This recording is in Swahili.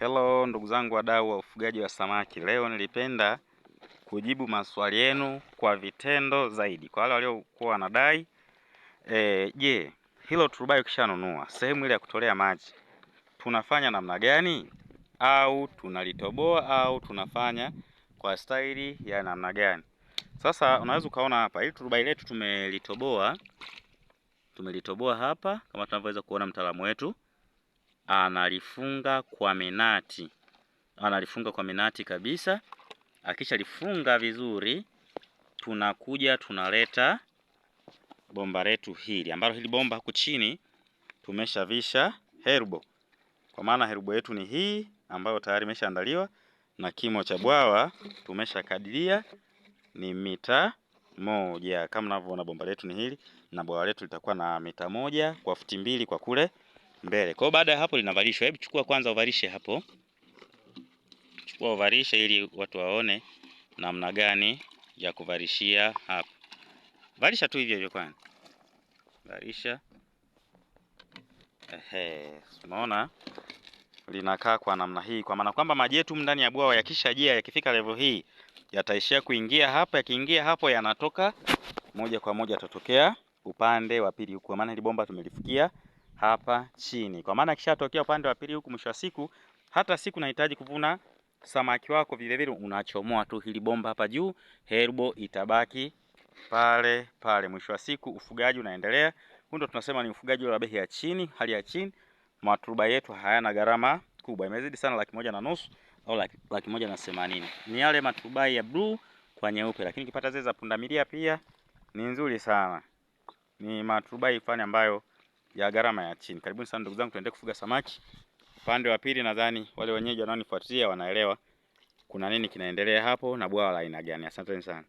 Hello ndugu zangu wadau wa ufugaji wa samaki, leo nilipenda kujibu maswali yenu kwa vitendo zaidi. Kwa wale waliokuwa wanadai e, je, hilo turubai ukishanunua sehemu ile ya kutolea maji tunafanya namna gani? Au tunalitoboa au tunafanya kwa staili ya namna gani? Sasa unaweza ukaona hapa, hili turubai letu tumelitoboa, tumelitoboa hapa kama tunavyoweza kuona mtaalamu wetu analifunga kwa menati, analifunga kwa menati kabisa. Akishalifunga vizuri, tunakuja tunaleta bomba letu hili, ambalo hili bomba huku chini tumeshavisha herbo, kwa maana herbo yetu ni hii ambayo tayari imeshaandaliwa na kimo cha bwawa tumeshakadiria ni mita moja. Kama unavyoona bomba letu ni hili na bwawa letu litakuwa na mita moja kwa futi mbili kwa kule mbele. Kwa hiyo baada ya hapo linavalishwa. Hebu chukua kwanza uvalishe hapo, chukua uvalishe ili watu waone namna gani ya kuvalishia hapo. Valisha tu hivyo hivyo, kwani valisha. Ehe, unaona linakaa kwa namna hii, kwa maana kwamba maji yetu ndani ya bwawa yakishajia, yakifika level hii yataishia kuingia hapa. Yakiingia hapo, yanatoka moja kwa moja, yatatokea upande wa pili huko, maana hili bomba tumelifikia hapa chini, kwa maana kishatokea upande wa pili huku. Mwisho wa siku, hata siku nahitaji kuvuna samaki wako vile vile, unachomoa tu hili bomba hapa juu, herbo itabaki pale pale. Mwisho wa siku, ufugaji unaendelea. Huu ndo tunasema ni ufugaji wa bei ya chini, hali ya chini. Maturuba yetu hayana gharama kubwa, imezidi sana laki moja na nusu au laki, laki moja na themanini. Ni yale maturubai ya blue kwa nyeupe, lakini ukipata zile za pundamilia pia ni nzuri sana, ni maturubai fulani ambayo ya gharama ya chini. Karibuni sana ndugu zangu, tuendelee kufuga samaki. Upande wa pili nadhani wale wenyeji wanaonifuatilia wanaelewa kuna nini kinaendelea hapo na bwawa la aina gani. Asanteni sana.